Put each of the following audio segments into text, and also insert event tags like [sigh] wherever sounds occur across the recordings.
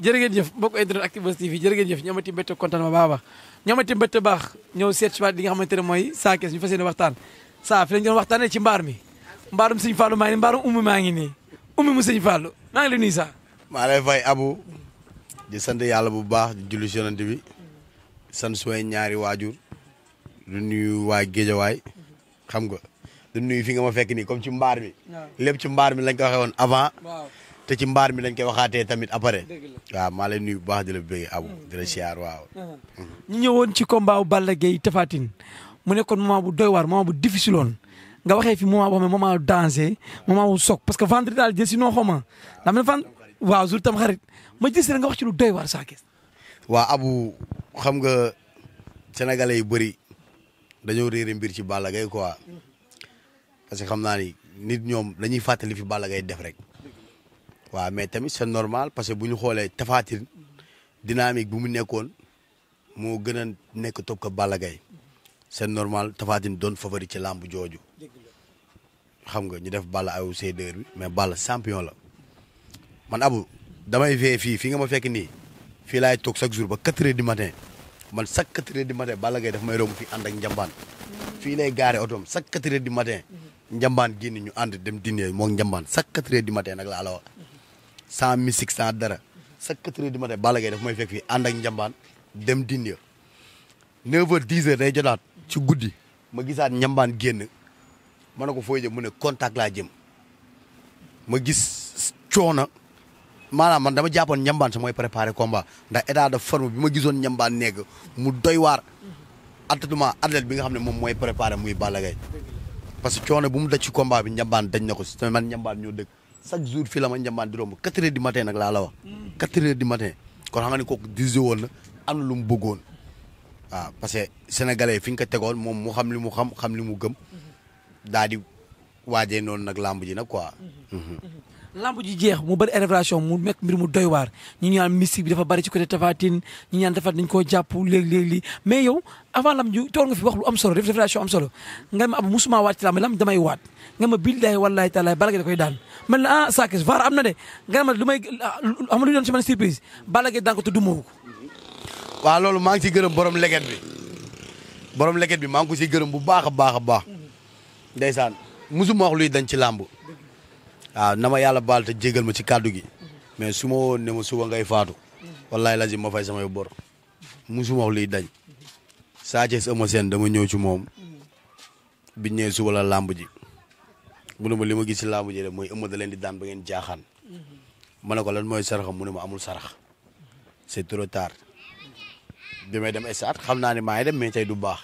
jërë ngeen jëf mbokk internet Actubuzz TV jërë ngeen jëf ñu amati mbégte kontaan ma baax a baax ñu baax ñëw seet si waat li nga xamante ne mooy Sa Thiès ñu fas yéene waxtaan saa fi lañ doon waxtaanee ci mbaar mi mbaarum sëñ Fallou maa ngi nii mbaarum ummi maa ngi nii ummi mu sëñ Fallou maa ngi lay nuyu saa maa lay fay abu di sant yàlla bu baax di julli si yonent bi sant sumay ñaari waajur du nuyu waa Géejawaay xam nga du nuyu fi nga ma fekk ni comme ci mbaar mi lépp ci mbaar mi lañ ko waxee avant te ci mbaar mi lañ koy waxaatee tamit après. waaw maa lay nuyu bu baax di la bëgg abu di la siyaar waaw. Uh-huh. ñu woon ci combat bu Balla Gaye Tapha Tine mu nekkoon moment bu doy waar moment bu difficile nga waxee fi moment boo xam ne moment bu danger moment bu soog parce que vendredi daal jël si non xaw ma daa mel fan waaw jour tam xarit ma gis nga wax ci lu doy waar saa kees. waa abu xam nga sénégalais yu bëri dañoo réere mbir ci Balla Gaye quoi parce que xam naa ni nit ñoom dañuy fàttali fi Balla Gaye def rek. waaw mais tamit c'est normal parce que bu ñu xoolee Tapha Tine dynamique bu mu nekkoon moo gën a nekk topp ko Balla Gaye c'est normal Tapha Tine doon favori ci làmb jooju xam nga ñu def bala aw seddeur bi mais Balla sampion la man abu damay vee fii fi nga ma fekk nii fii laay toog chaque jour ba quatre di du matin man chaque quatre heures du matin Balla Gaye daf may romb fii ànd ak njambaan fii lay gaare otoom chaque quatre heures di matin njambaan génn ñu ànd dem dîner moom njambaan chaque quatre heures du matin nag laa la wax sans musique sans dara sa quatre heures du matin Balla Gaye daf may fekk fii ànd ak njambaan dem dindi neuf heures dix heures day jotaat ci guddi ma gisaat njambaan génn ma ne ko fooy jëm mu ne contact laa jëm ma gis coona maanaam man dama jàppoon njambaan sa mooy préparé combat ndax état de forme bi ma gisoon njambaan nekk mu doy waar attetement athlète bi nga xam ne moom mooy préparé muy Balla Gaye parce que coono bu mu daj ci combat bi njambaan daj na ko si man njambaan ñoo dëkk chaque jour fii la ma njambaan di romb quatre heures du matin nag laa la wax quatre heures du matin kon xam ni kooku disé woon na am na lu mu bëggoon waaw parce que sénégalais yi fi ñu ko tegoon moom mu xam li mu xam xam li mu gëm mhm. daal di waajee noonu nag làmb ji nag koi lamb ji jeex mu bari révélation mu nekk mbir mu doy waar ñu ñaan mystique bi dafa bari ci côté tafatin ñu ñaan dafa dañ koo jàpp léeg-léeg lii mais yow avant lamb ji toog nga fi wax lu am solo def révélation am solo nga ma ab musuma waat ci lamb lamb damay waat nga ma billahi wallahi taala Balla Gaye da koy daan man la ah sakis vaar am na de nga ma lu may xam ah, lu doon ci man surprise Balla Gaye daan ko te du moowu ko waaw loolu maa ngi ciy gërëm borom leget bi borom leget bi maa ngi ko gërëm bu baax a baax a baax mhm. ndeysaan musuma wax luy dañ ci lamb waaw na ma yàlla baal te jégal ma ci kàddu gi mais su ma woon ne ma suba ngay faatu wallahi lazim ma fay yu bor musuma wax liy dañ Sa Thiès Eumeu Sène dama ñëw ci moom bi ñëwee suba la làmb ji mu ne ma li ma gis ci làmb ji rek mooy Eumeu da leen di daan ba ngeen jaaxaan ma ne ko lan mooy saraxam mu ne ma amul sarax c'est trop tard bi may dem stade xam naa ne maa ngi dem mais tey du baax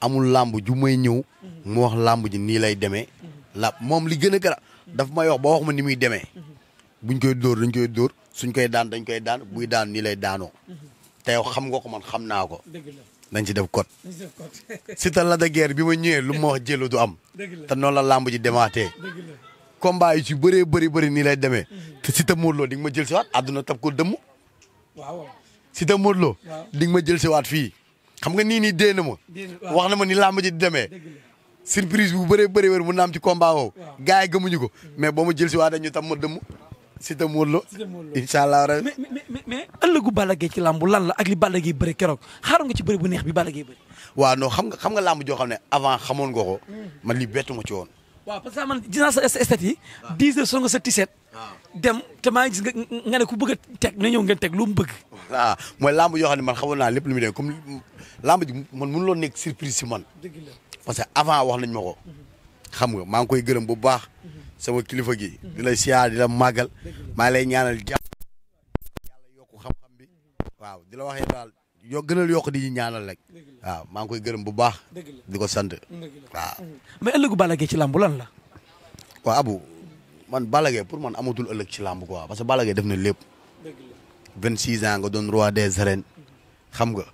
amul làmb ju may ñëw mu wax làmb ji nii lay demee la moom li gën a gara daf ma wax ba wax ma ni muy demee buñ koy dóor dañ koy dóor suñ koy daan dañ koy daan buy daan nii lay daanoo te xam nga ko man xam naa ko dañ ci def code [laughs] si ta la da guerre bi ma ñëwee lu ma wax jëlu am te noon la làmb ji demaatee combat yi ci bëree bëri bëri nii lay demee te si ta Modou Lo di ma jël si waat àdduna tab ko dëmm waaw si ta Modou Lo di ma jël si waat fii xam nga nii nii dee na ma wax na ma ni làmb ji di demee surprise bu bëree bëri wër mun na am ci combat woowu. gars ko. mais boo ma jël si waa dañu tam ma dëmm. si te Modou Lo. allah ren. mais mais mais ëllëgu Balla Gaye ci làmb lan la ak li Balla Gaye bëri keroog xaaral nga ci bëri bu neex bi Balla Gaye bëri. waaw xam nga xam joo xam ne avant xamoon nga ko. Mm. man li bettu ma ci woon. waaw parce que man gis naa sa stat yi. waaw ah. 10 heures nga sa tiset. Ah. dem te maa ngi nga ne ku bëgg a teg na ñëw ngeen teg lu mu bëgg. waaw mooy làmb yoo xam ne man xamoon naa lépp lu muy demee comme làmb ji man loo nekk surprise si man. dëgg la. parce que avant wax nañ ma ko. xam nga maa ngi koy gërëm bu baax. sama kilifa gi. di la siyaar di la màggal. maa lay ñaanal jàpp yàlla yokk xam-xam bi. waaw di la waxee daal yo gënal yokk di ñaanal rek. waaw maa ngi koy gërëm bu baax. di ko sant. waaw. mais ëllëgu Balla ci làmb lan la. waaw Abu man Balla Gaye pour man amatul ëllëg ci làmb quoi parce que Balla Gaye def na lépp. vingt six ans nga doon roi des arènes xam nga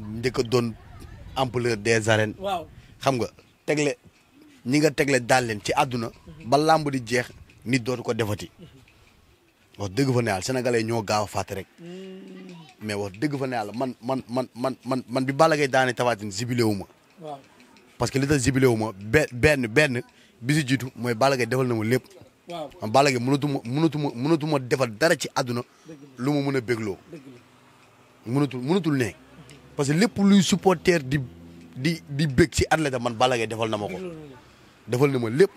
njëkk doon ampleur des arènes. waaw xam nga tegle ñi nga tegle daal leen ci àdduna. ba làmb di jeex ni dootu ko defati. wax dëgg fa ne yàlla sénégalais ñoo gaaw a fàtte rek. Mm. mais wax dëgg ne yàlla man man man man man man bi Balla Gaye daane Tapha Tine zibilé wu ma. parce que li tax zibilé wu benn benn bi si jiitu mooy Balla Gaye defal na ma lépp. waaw man mënatu ma mënatu ma mënatu ma defal dara ci àdduna. lu mu mën a bégloo. mënatul mënatul ne. parce que lépp lu supporter di di di bëgg ci athlète man Balla Gaye defal na ma ko defal na ma lépp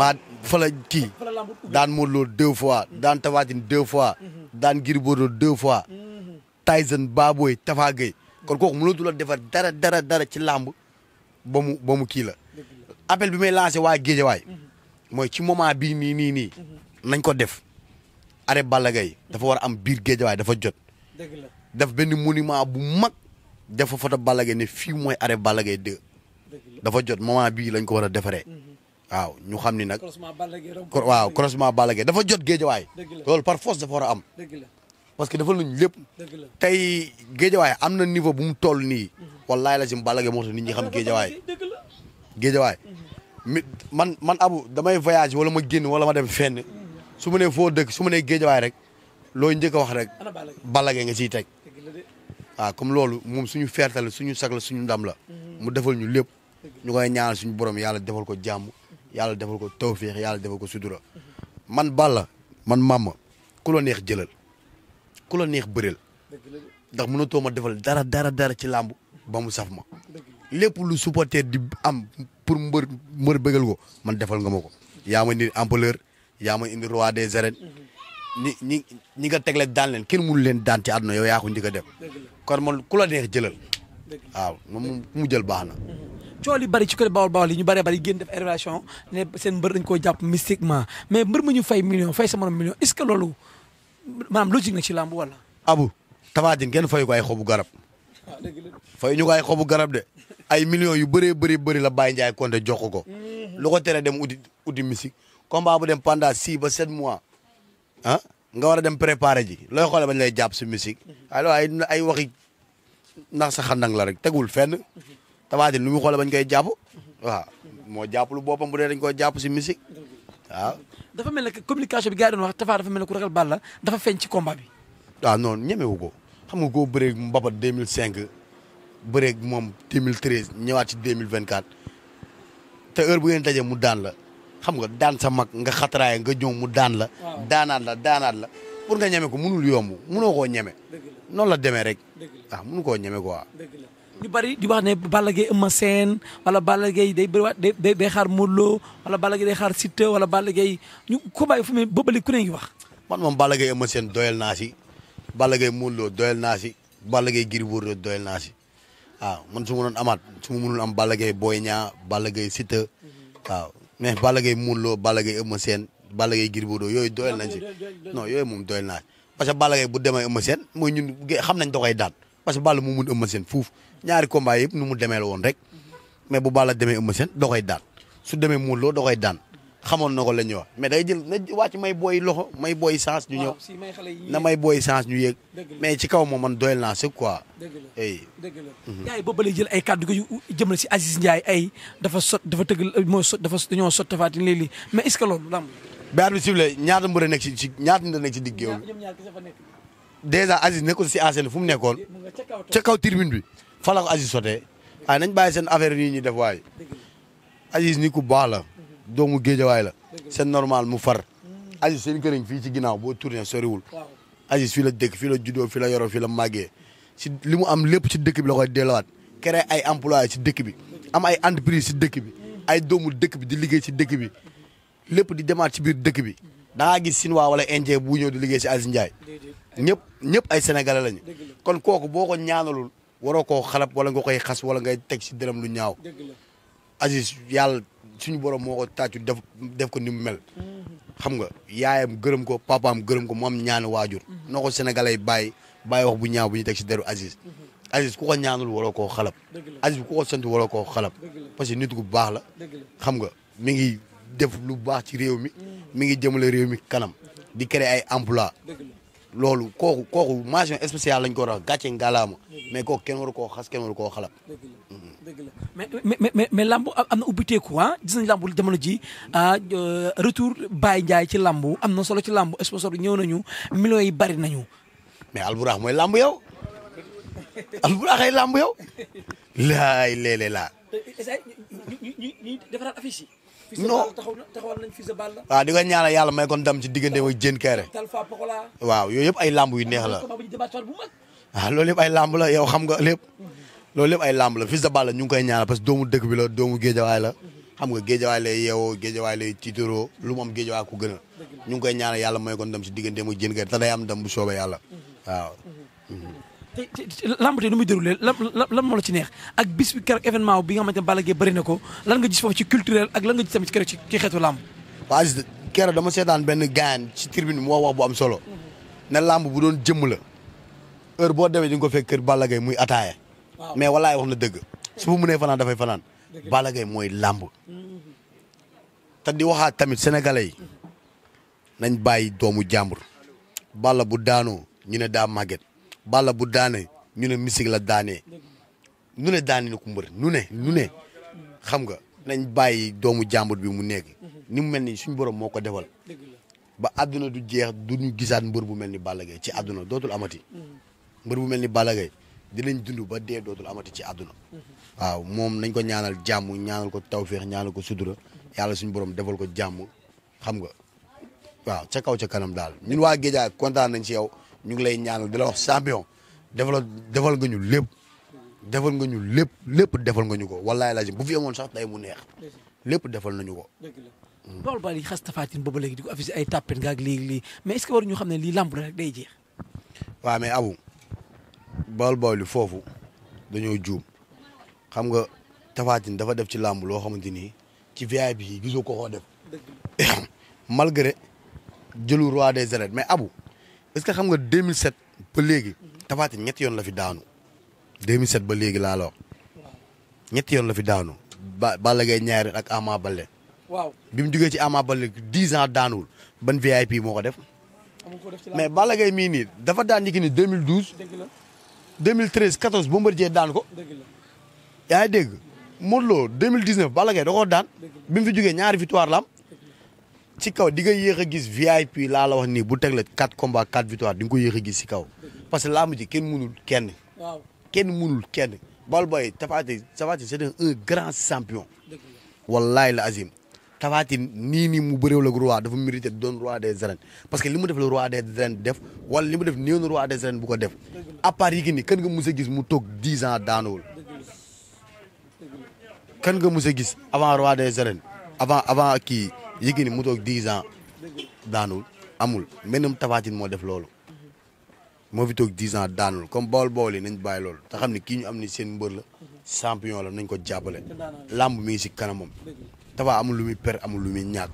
maa fa la kii daan Modou Lo deux fois mm-hmm. daan Tapha Tine fois mm-hmm. daan Gris Bordeaux deux fois mm-hmm. Tyson Baboy Tafa Gueye kon kooku mënatu la defar dara dara dara ci làmb ba mu ba mu kii la appel bi may lancé waa Géejawaay mooy ci moment bii nii nii nii nañ ko def arrêt Balla Gaye dafa war am biir Géejawaay dafa jot def benn monument bu mag dafa foto Balla Gaye ne fii mooy arrêt Balla Gaye 2 dafa jot moment bii lañ ko war a defaree waaw ñu xam ni nag waaw croisement Balla Gaye dafa jot géejawaay loolu par force dafa war a am parce que dafa luñ lépp tey géejawaay am na niveau bu tol toll nii wallaay la si Balla Gaye moo tax nit ñi xam géejawaay géejawaay mi man man abu damay voyage wala ma génn wala ma dem fenn su ma nee foo dëkk su ma nee géejawaay rek looy njëkk a wax rek Balla Gaye nga ciy teg waaw comme loolu moom suñu fierté suñu sag suñu ndam la mu defal ñu lépp ñu koy ñaanal suñu borom yàlla defal ko jàmm yàlla defal ko tawféex yàlla defal ko sutura man la man Mama ku neex jëlal ku neex bëreel ndax mënatoo ma defal dara dara dara ci làmb ba mu saf ma lépp lu supporter di am pour mbër mbër bëggal ko man defal nga ma ko yaa ma indi ampleur yaa indi roi des arènes ñi ñi ñi nga tegle daan leen kenn munu leen daan ci àdduna yow yaa ko njëkk a dem kon man ku la neex jëlal waaw moom mu jël baax na cool yi bëri ci côté bawol bawol yi ñu bëree bëri génn def révélation seen mbër dañ koo jàpp mystiquement mais mbër ma ñu fay million fay sa morom million est ce que loolu maanaam logique na ci làmb wala abu tafaajin kenn fayu ko ay xobu garab fayu ñu ko ay xobu garab de ay millions yu bëree bëri bëri la Baye njaay compté jox ko lu ko tere dem uti uti mystique combat bu dem pendant six ba sept mois ah nga war a dem préparer ji looy xoolee bañ lay jàpp si musique alors ay ay waxi ndax sa xandang la rek tegul fenn tabaati lu muy xoolee bañ koy jàpp waaw moo jàpp lu boppam bu dee dañ koy jàpp si musique waaw. dafa mel ne communication bi gars yi doon wax Tapha dafa mel ne ku ragal Balla dafa feeñ ci combat bi. waaw ah, non ñemewu ko xam nga koo bëreeg Mbapat 2005 bëreeg moom 2013 ñëwaat ci 2024 te heure bu ngeen daje mu daan la. xam nga daan sa mag nga xatraay nga ñëw mu daan la. daanaat la daanaat la pour nga ñeme ko mënul yomb mënoo koo ñeme. noonu la demee rek. waaw mënu koo ñeme quoi. ñu bari di wax ne Balla Gaye Eumeu Sène wala Balla Gaye day wala Balla day xaar Siteu wala Balla Gaye ñu fu mu bëbali ku wax. man moom Balla Gaye doyal naa si Balla Gaye Modou doyal naa si Balla Gaye Gris doyal naa si waaw man su amaat su ma mënul am Balla Gaye Boy Niang Balla Gaye Siteu mhm. waaw. mais Balla Gaye Modou Lô Balla Gaye Eumeu Sène Balla Gaye Gris Bordeaux yooyu doyal nañ no yooyu moom doyal naa parce que Balla Gaye bu demee Eumeu Sène mooy ñun xam nañ da koy daan parce que Balla mu mun Eumeu Sène fuuf ñaari combat yëpp nu mu demee la woon rek mais bu Balla demee Eumeu Sène da koy daan su demee Modou Lô da koy daan xamoon na ko la ñuy wax mais day jël na wàcc may booy loxo may booy chance ñu ñëw na may booy chance ñu yéeg mais ci kaw moom man doyal naa si quoi. dëgg la dëgg la. Mhm. gars jël ay kàddu gi jëmale si Aziz Ndiaye ay dafa sot dafa tëgg mooy dafa dañoo sot tafaati léeg-léeg mais est ce a nekk si ñaata mbër a nekk si digg yow dèjà si fu mu nekkoon ca kaw tribune bi fa la ko Aziz sotee waaye nañ bàyyi seen affaire yi ñuy def waaye Aziz ni ku baax la doomu géejawaay la c'est normal mu far Aziz seen këriñ fii ci ginnaaw boo tourné soriwul Aziz fii la dëkk fii la juddoo fii la yoro fi la màggee si li mu am lépp ci dëkk bi la koy delluwaat créer ay employé ci dëkk bi am ay entreprise si dëkk bi ay doomu dëkk bi di liggéey ci dëkk bi lépp di demaat ci biir dëkk bi da ngaa gis wala Indien bu ñëw di liggéey si Aziz Ndiaye ñëpp ñëpp ay sénégalais lañu kon kooku boo ko ñaanalul waroo ko xalab wala nga koy xas wala ngay teg si dërëm lu ñaaw Aziz suñu boro moo ko tàccu def ko ni mu mel. xam nga yaayam gërëm ko papaam gërëm ko moom ñaan waajur. noo ko sénégalais bàyyi bàyyi wax bu ñaaw bu ñu teg si deru Aziz. Aziz ku ko ñaanul waroo koo xalab. Aziz ku ko sant waroo koo xalab. parce que nit ku baax la. xam nga mi ngi def lu baax ci réew mi. Mm. mi ngi jëmale réew mi kanam. di créer ay emploi loolu kooku kooku mention spéciale lañ ko war a mais kooku kenn waru koo xas kenn waru koo dëgg la dëgg mais mais mais mais lambu am na ubbiteeku ah gis nañu lambu jamono ji ah retour Baye Ndiaye ci lambu am na solo ci lambu sponsor ñëw nañu millions yi bari nañu. mais alburax mooy lambu yow alburax ay lambu yow. laay léeg-léeg ñu defaraat ah, di ko ñaanal yàlla may ko ndam ci diggante mooy Diène Kairé. waaw yooyu yëpp ay làmb yu neex la. waaw ah, loolu yëpp ay làmb la yow xam nga lépp. loolu yëpp ay la fils de Balla ñu ngi koy ñaanal parce que doomu dëkk bi la doomu géejawaay la. xam nga géejawaay lay yeewoo géejawaay lay tiitaroo lu mu am géejawaay ku gën a. ñu ngi koy ñaanal yàlla may ko ndam ci diggante mooy Diène Kairé te day am ndam bu soobee yàlla mhm. waaw mhm. Mhm. lamb tey nu muy déroulé lan lan moo la ci neex ak bis bi keroog événement bi nga xamante ne Balla Gaye bëri na ko lan nga gis foofu ci culturel ak lan nga gis tamit keroog ci ci xeetu lamb. waa Aziz keroog dama seetaan benn gaan ci tribune moo wax bu am solo na lamb bu doon jëmm la heure boo demee di nga ko fekk kër Balla Gaye muy ataaya. mais walaay wax na dëgg su bu mënee fanaan dafay fanaan. bala gay mooy lamb. te di waxaat tamit sénégalais yi nañ bàyyi doomu jàmbur. Balla bu daanoo ñu ne daa màgget. Balla bu daane ñu ne misik la daanee nu ne daane na ko nu ne nu ne xam nga nañ bàyyi doomu jàmbur bi mu nekk ni mu mel ni suñ borom moo ko defal ba àdduna du jeex du gisaat mbër bu mel ni Balla Gaye ci àdduna dootul amati mbër bu mel ni Balla Gaye dinañ dund ba dee dootul amati ci àdduna waaw moom nañ ko ñaanal jàmm ñaanal ko tawféex ñaanal ko sutura yàlla suñu borom defal ko jàmm xam nga waaw ca kaw ca kanam daal ñun waa gejaa kontaan nañ si yow ñu ngi lay ñaanal di la wax champion defal defal nga ñu lépp defal nga ñu lépp lépp defal nga ñu ko wallaahi laajim bu fi amoon sax tey mu neex lépp defal nañu ko. loolu hmm. bari xas tafaatin boobu léegi di ko affiché ay tàppet nga ak léegi lii mais est-ce que waruñu xam ne lii làmb rek day jeex. waaw mais abu bool bool li foofu dañoo juum xam nga tafaatin dafa def ci làmb loo xamante ni ci VIP yi gisoo ko koo def [coughs] malgré jëlu roi des arènes mais abu. est-ce que xam nga 2007 ba léegi Tapha Tine ñetti yoon la fi daanu 2007 ba léegi laa la ñetti yoon la fi daanu ba Balla Gaye ñaari ak Ama Baldé waaw bi mu jugee ci Ama Baldé 10 ans daanuwul ban VIP moo ko def mais Balla Gaye mii nii dafa daan Yékini 2012 2013 14 Bombardier daan ko yaa ngi dégg Modou Lo 2019 Balla Gaye da koo daan bi fi jugee ñaari victoire la ci kaw di nga yéex a gis VIP laa la wax nii bu teg la quatre combats quatre victoires di nga ko yéex a gis si kaw parce que làmb ji kenn mënul kenn. waaw kenn mënul kenn. Balla Boye Tapha Tine Tapha Tine c'est un grand champion. wallahi la azim. Tapha Tine nii nii mu bëréew la roi dafa mérité doon roi des arènes parce que li ma def la roi des arènes def wala li mu def néew na roi des arènes bu ko def à part yi ni kan nga mus gis mu toog dix ans daanuwul kan nga mus a gis avant roi des arènes avant kii Yékini mu toog 10 ans daanul amul menum Tapha Tine moo def loolu moo fi toog 10 ans daanul comme bool bool nañ bàyyi loolu te xam ne kii ñu am ni seen mbër la champion la nañ ko jàppale làmb mi ngi si kanamam Tapha amul lu muy per amul lu muy ñàkk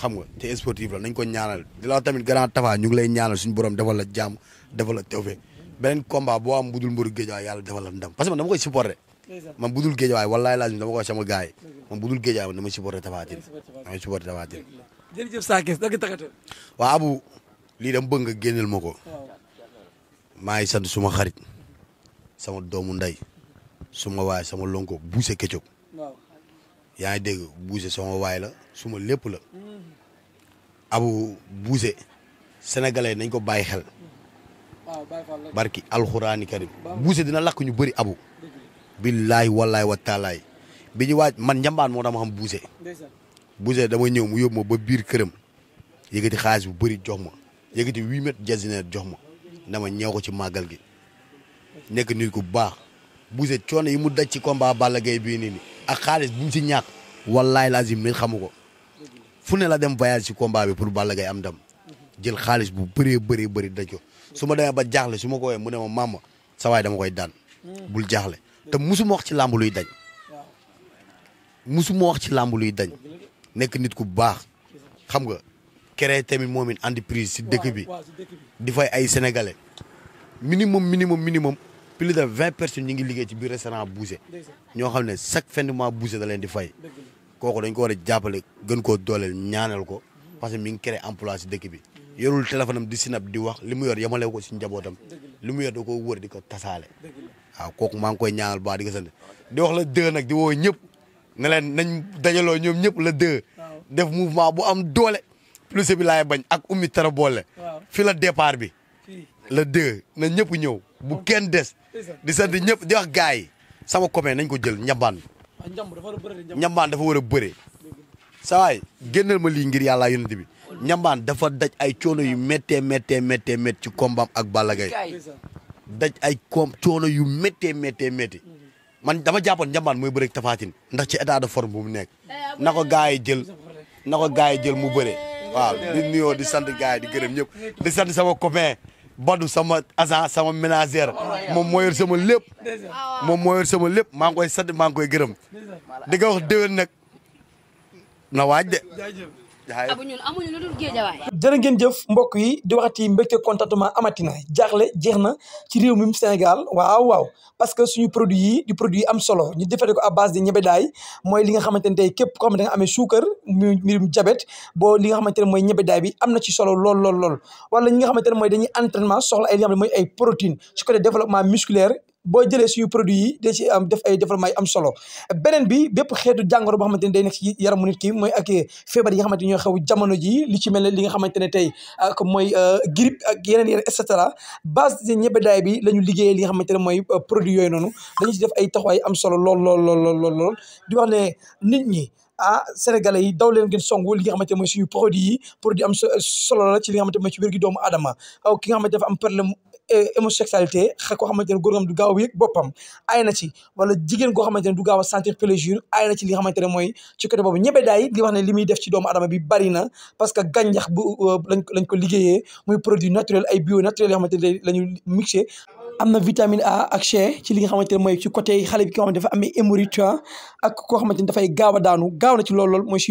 xam nga te sportif la nañ ko ñaanal di la tamit grand Tapha ñu ngi lay ñaanal suñu borom defal la jàmm defal la tawfeex beneen combat boo am budul mbëru géej yàlla defal la ndam parce que man dama koy supporter man budul géejawaay wallaay laaj dama koy sama gars yi man budul géejawaay man dama supporté Tapha Tine dama supporté Tapha Tine. jërëjëf saa kees dëgg taxatul. waaw Abu lii dama bëgg nga génneel ma ko. maa ngi sant suma xarit sama doomu ndey suma waay sama lonko buuse Ketchup. yaa ngi dégg buuse sama waay la suma lépp la. Mm-hmm. Abu buuse sénégalais nañ ko bàyyi xel. barki alxuraani karim buuse dina lakk ñu bari Abu. billaay wallaay wa taalaay bi ñu waaj man njambaan moo dama xam buuse buuse dama ñëw mu yóbbu ma ba biir këram yëkkati xaalis bu bëri jox ma yëkkati huit mètres jasineer jox ma dama ñëw ko ci màggal gi nekk nit ku baax buuse coono yi mu daj ci combat Balla gay bii nii a xaalis bu mu si ñàkk wallaay lazim nit xamu ko fu ne la dem voyage ci combat bi pour Balla Gaye am ndam jël xaalis bu bëree bëri bëri daj ko su ma demee ba jaaxle su ma ko mu ne ma maama sa waay dama koy daan bul jaaxle te musuma wax ci làmb luy dañ musuma wax ci làmb yi dañ nekk nit ku baax xam nga créé tamit moom it entreprise si dëkk bi di fay ay sénégalais minimum minimum minimum plus de vingt personne ñi ngi liggéey ci biir restaurant Boucher ñoo xam ne chaque fin de mois leen di fay kooku dañ ko war a jàppale gën koo dooleel ñaanal ko parce que mi ngi créé emploi si dëkk bi yorul téléphone am di sinap di wax li mu yor yemale ko si njabootam li mu yor da koo di ko tasaale waaw kooku maa ngi koy ñaanal baax di ko sant di wax la deux nag di woo ñëpp ne nañ dajaloo ñoom ñëpp la deux def mouvement bu am doole plus bi laay bañ ak ummi tara boole fi la départ bi la deux na ñëpp ñëw bu kenn des di sant ñëpp di wax gars sama copain nañ ko jël njambaan ah, njambaan dafa war a bëre saa ma lii ngir yàlla yonent bi ñambaan dafa daj ay coono yu méttee méttee méttee métti ci kombaam ak Balla Gaye daj ay koom coono yu méttee méttee métti man dama jàppoon ñambaan mooy bëreeg tafaatin ndax ci état for forme bu mu nekk na ko gars yi jël na ko gars yi jël mu bëre waaw di nuyoo di sant gars di gërëm ñëpp di sant sama copain Badou sama agent sama ménagère moom moo yor sama lépp moom moo sama lépp maa ngi koy sant maa ngi koy gërëm di nga wax déwén nag na waaj de jërë ngeen jëf mbokk yi di waxati mbégte contentement amatina jaaxle jeex na ci réew mi Sénégal waaw waaw parce que suñu produit yi di produit yi am solo ñu defee ko à base de ñebedaay mooy li nga xamante ne tey képp koo xam amee suukar mu mbirum jabet boo li nga xamante ne mooy ñebedaay bi am na ci solo lool lool lool wala ñi nga xamante ne mooy dañuy entraînement soxla ay li nga xam ne mooy ay protéines ci côté développement musculaire boo jëlee suñu produit yi da ci am def ay développement yi am solo beneen bi bépp xeetu jàngoro boo xamante ne day nekk ci yaramu nit ki mooy ak feebar yi xamante ñooy jamono ji li ci mel ne li nga xamante ne tey ak mooy euh, grippe ak yeneen yeneen et cetera base de ñebedaay bi la ñu liggéeyee li nga xamante ne mooy euh, produit yooyu noonu dañu ci def ay taxawaay am solo lool lool lool lool lool di nit ñi a ah, sénégalais yi daw leen ngeen songu li nga xamante ne mooy produit yi produit am solo la ci li nga xamante ne ci wér gi doomu aadama ki nga xamante dafa am problème homosexualité xa koo xamante ne góor du gaaw a yëg boppam ay na ci wala jigéen koo xamante ne du gaaw a sentir plaisir ay na ci li nga xamante ne mooy ci côté boobu daay li wax li muy def ci doomu adama bi bari na parce que gàncax bu euh, lañ lañ ko liggéeyee muy produit naturel ay bio naturel xamante ne la ñu am na vitamine A ak C li nga xamante ne mooy ci côté xale bi nga xamante dafa ak koo xamante ne dafay gaaw a daanu gaaw na ci lool lool mooy